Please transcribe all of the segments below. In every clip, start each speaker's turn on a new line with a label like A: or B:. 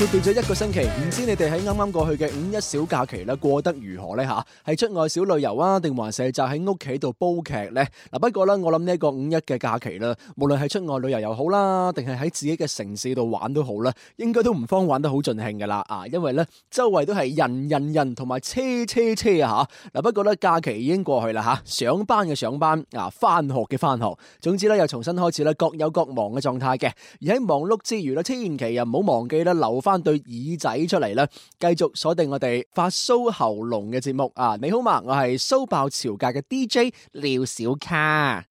A: 闊別咗一個星期，唔知你哋喺啱啱過去嘅五一小假期咧過得如何呢吓？係出外小旅遊啊定還是就喺屋企度煲劇呢？嗱，不過呢，我諗呢個五一嘅假期啦，無論係出外旅遊又好啦，定係喺自己嘅城市度玩都好啦，應該都唔方玩得好盡興噶啦啊！因為呢，周圍都係人人人同埋車車車啊吓！嗱，不過呢，假期已經過去啦吓，上班嘅上班啊，翻學嘅翻學，總之呢，又重新開始啦，各有各忙嘅狀態嘅。而喺忙碌之餘呢，千祈又唔好忘記咧留翻。翻對耳仔出嚟啦，繼續鎖定我哋發騷喉嚨嘅節目啊！你好嘛，我係騷爆潮界嘅 DJ 廖小卡。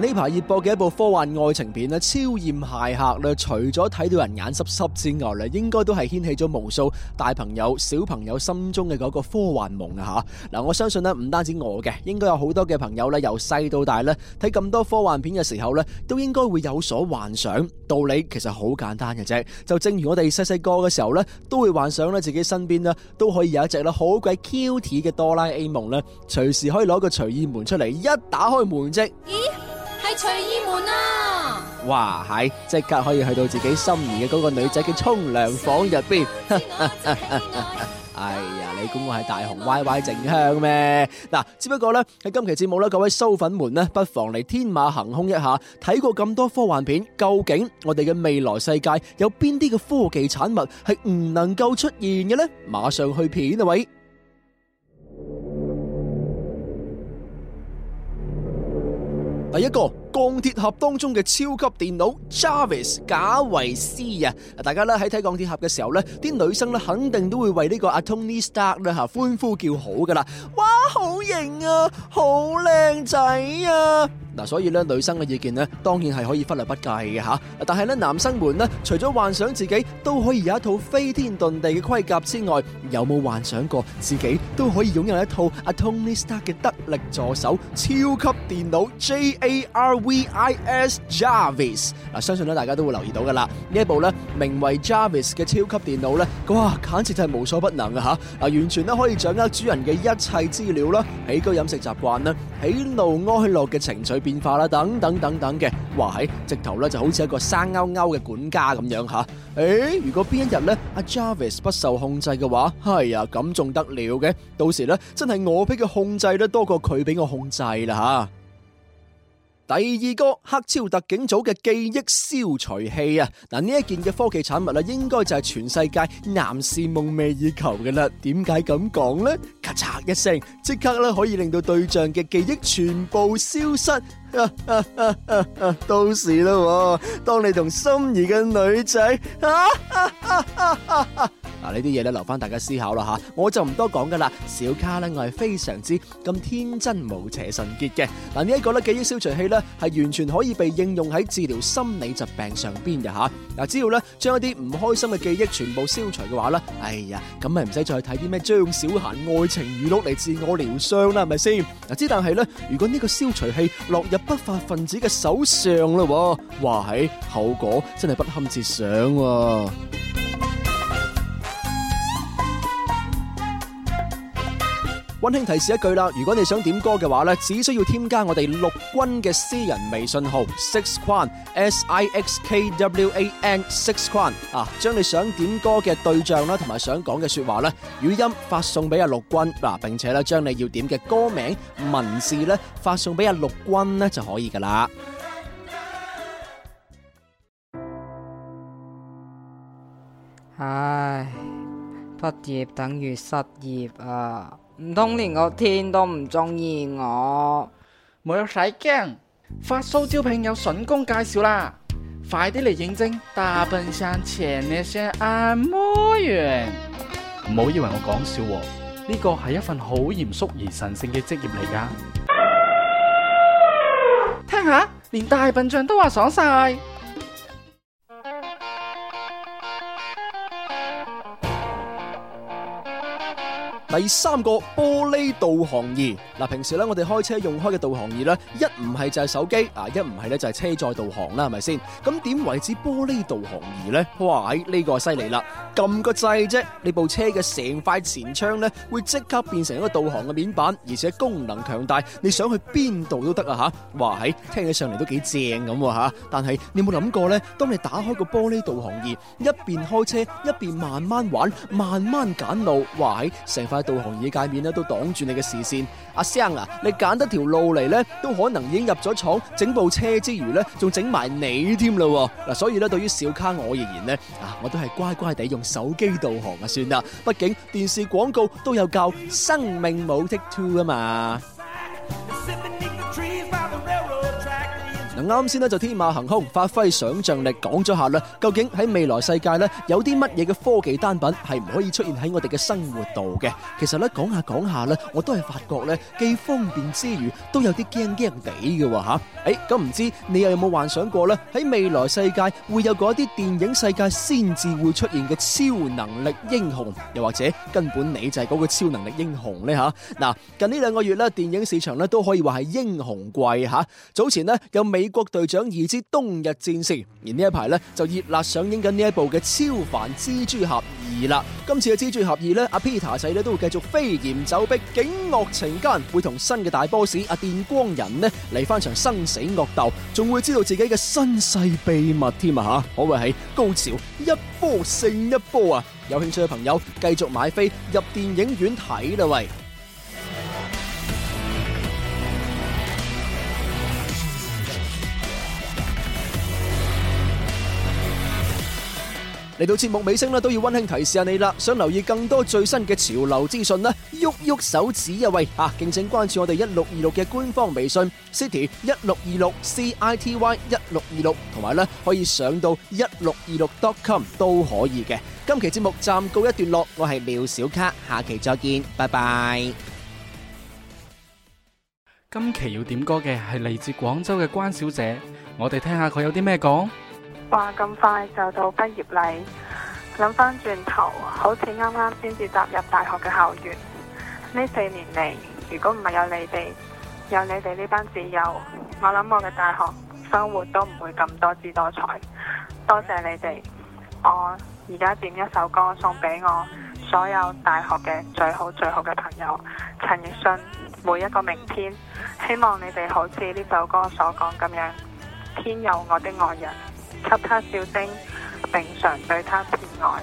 A: 呢排熱播嘅一部科幻愛情片呢，超豔駭客咧，除咗睇到人眼濕濕之外咧，應該都係掀起咗無數大朋友、小朋友心中嘅嗰個科幻夢啊！吓嗱，我相信呢，唔單止我嘅，應該有好多嘅朋友咧，由細到大咧，睇咁多科幻片嘅時候咧，都應該會有所幻想。道理其實好簡單嘅啫，就正如我哋細細個嘅時候咧，都會幻想咧自己身邊呢都可以有一隻咧好鬼 Q T 嘅哆啦 A 夢咧，隨時可以攞個隨意門出嚟，一打開門即。咦
B: 隨意
A: 門啊！哇，係即刻可以去到自己心儀嘅嗰個女仔嘅沖涼房入邊。哎呀，你估我係大雄歪歪靜香咩？嗱，只不過呢喺今期節目呢，各位收粉們呢，不妨嚟天馬行空一下。睇過咁多科幻片，究竟我哋嘅未來世界有邊啲嘅科技產物係唔能夠出現嘅呢？馬上去片啊，喂，第一個。鋼鐵俠當中嘅超級電腦 Jarvis 賈維斯啊！大家咧喺睇鋼鐵俠嘅時候咧，啲女生咧肯定都會為呢個阿 Tony Stark 咧吓歡呼叫好㗎喇！哇，好型啊，好靚仔啊！嗱，所以咧女生嘅意見咧，當然係可以忽略不計嘅吓。但係咧男生們咧，除咗幻想自己都可以有一套飛天遁地嘅盔甲之外，有冇幻想過自己都可以擁有一套阿 Tony Stark 嘅得力助手超級電腦 Jar？Vis Jarvis，嗱，相信咧，大家都會留意到噶啦。呢一部咧，名為 Jarvis 嘅超級電腦咧，哇，簡直就係無所不能啊！吓，啊，完全咧可以掌握主人嘅一切資料啦，起居飲食習慣啦，喜怒哀樂嘅情緒變化啦，等等等等嘅，哇！係，直頭咧就好似一個生勾勾嘅管家咁樣吓。誒，如果邊一日咧阿 Jarvis 不受控制嘅話，係啊，咁仲得料嘅？到時咧，真係我俾佢控制得多過佢俾我控制啦吓。第二個黑超特警組嘅記憶消除器啊，嗱，呢一件嘅科技產物啊，應該就係全世界男士夢寐以求嘅啦。點解咁講呢？咔嚓一聲，即刻咧可以令到對象嘅記憶全部消失。啊啊啊啊、到時啦，當你同心儀嘅女仔。啊啊啊啊啊嗱呢啲嘢咧留翻大家思考啦吓，我就唔多講噶啦。小卡咧，我係非常之咁天真無邪純潔嘅。嗱呢一個咧記憶消除器咧，係完全可以被應用喺治療心理疾病上邊嘅吓。嗱只要咧將一啲唔開心嘅記憶全部消除嘅話咧，哎呀咁咪唔使再睇啲咩張小嫻愛情語錄嚟自我療傷啦，係咪先？嗱之但係咧，如果呢個消除器落入不法分子嘅手上啦，哇喺後果真係不堪設想啊！溫馨提示一句啦，如果你想點歌嘅話咧，只需要添加我哋陸軍嘅私人微信號 sixkwan s i x k w a n sixkwan 啊，將你想點歌嘅對象啦，同埋想講嘅說話咧，語音發送俾阿陸軍嗱，並且咧將你要點嘅歌名文字咧發送俾阿陸軍咧就可以噶啦。唉，畢業等於失業啊！唔通連個天都唔中意我，冇使驚。發蘇招聘有筍工介紹啦，快啲嚟應徵大笨象前列腺按摩員。唔好以為我講笑，呢個係一份好嚴肅而神聖嘅職業嚟噶。聽下，連大笨象都話爽晒。第三個玻璃導航儀嗱、啊，平時咧我哋開車用開嘅導航儀咧，一唔係就係手機啊，一唔係咧就係車載導航啦，係咪先？咁點為之玻璃導航儀咧？哇，呢、呢個犀利啦！撳個掣啫，你部車嘅成塊前窗咧，會即刻變成一個導航嘅面板，而且功能強大，你想去邊度都得啊吓！哇，喺聽起上嚟都幾正咁吓、啊。但係你有冇諗過咧？當你打開個玻璃導航儀，一邊開車一邊慢慢玩，慢慢揀路，哇，喺成塊。導航儀界面咧都擋住你嘅視線，阿聲啊，你揀得條路嚟咧，都可能已經入咗廠，整部車之餘咧，仲整埋你添啦嗱，所以咧對於小卡我而言咧，啊，我都係乖乖地用手機導航啊，算啦，畢竟電視廣告都有教生命冇 Take Two 啊嘛。啱先咧就天馬行空，發揮想象力講咗下啦。究竟喺未來世界咧有啲乜嘢嘅科技單品係唔可以出現喺我哋嘅生活度嘅？其實咧講下講下咧，我都係發覺咧，既方便之餘都有啲驚驚地嘅吓。誒，咁唔知你又有冇幻想過咧？喺未來世界會有嗰一啲電影世界先至會出現嘅超能力英雄，又或者根本你就係嗰個超能力英雄咧吓？嗱，近呢兩個月咧，電影市場咧都可以話係英雄季吓。早前咧有美國隊長二之冬日戰士，而呢一排呢，就熱辣上映緊呢一部嘅超凡蜘蛛俠二啦。今次嘅蜘蛛俠二呢，阿 Peter 仔呢，都會繼續飛檐走壁、警惡懲奸，會同新嘅大 boss 阿電光人呢，嚟翻場生死惡鬥，仲會知道自己嘅身世秘密添啊吓，可謂係高潮一波勝一波啊！有興趣嘅朋友繼續買飛入電影院睇啦喂！嚟到節目尾聲啦，都要溫馨提示下你啦。想留意更多最新嘅潮流資訊啦，喐喐手指啊喂啊！敬請關注我哋一六二六嘅官方微信 City 一六二六 City 一六二六，同埋呢，可以上到一六二六 dot com 都可以嘅。今期節目暫告一段落，我係廖小卡，下期再見，拜拜。今期要點歌嘅係嚟自廣州嘅關小姐，我哋聽下佢有啲咩講。話咁快就到畢業禮，諗翻轉頭，好似啱啱先至踏入大學嘅校園。呢四年嚟，如果唔係有你哋，有你哋呢班摯友，我諗我嘅大學生活都唔會咁多姿多彩。多謝你哋，我而家點一首歌送俾我所有大學嘅最好最好嘅朋友陳奕迅。每一個明天，希望你哋好似呢首歌所講咁樣，天佑我的愛人。給他笑聲，並常對他示愛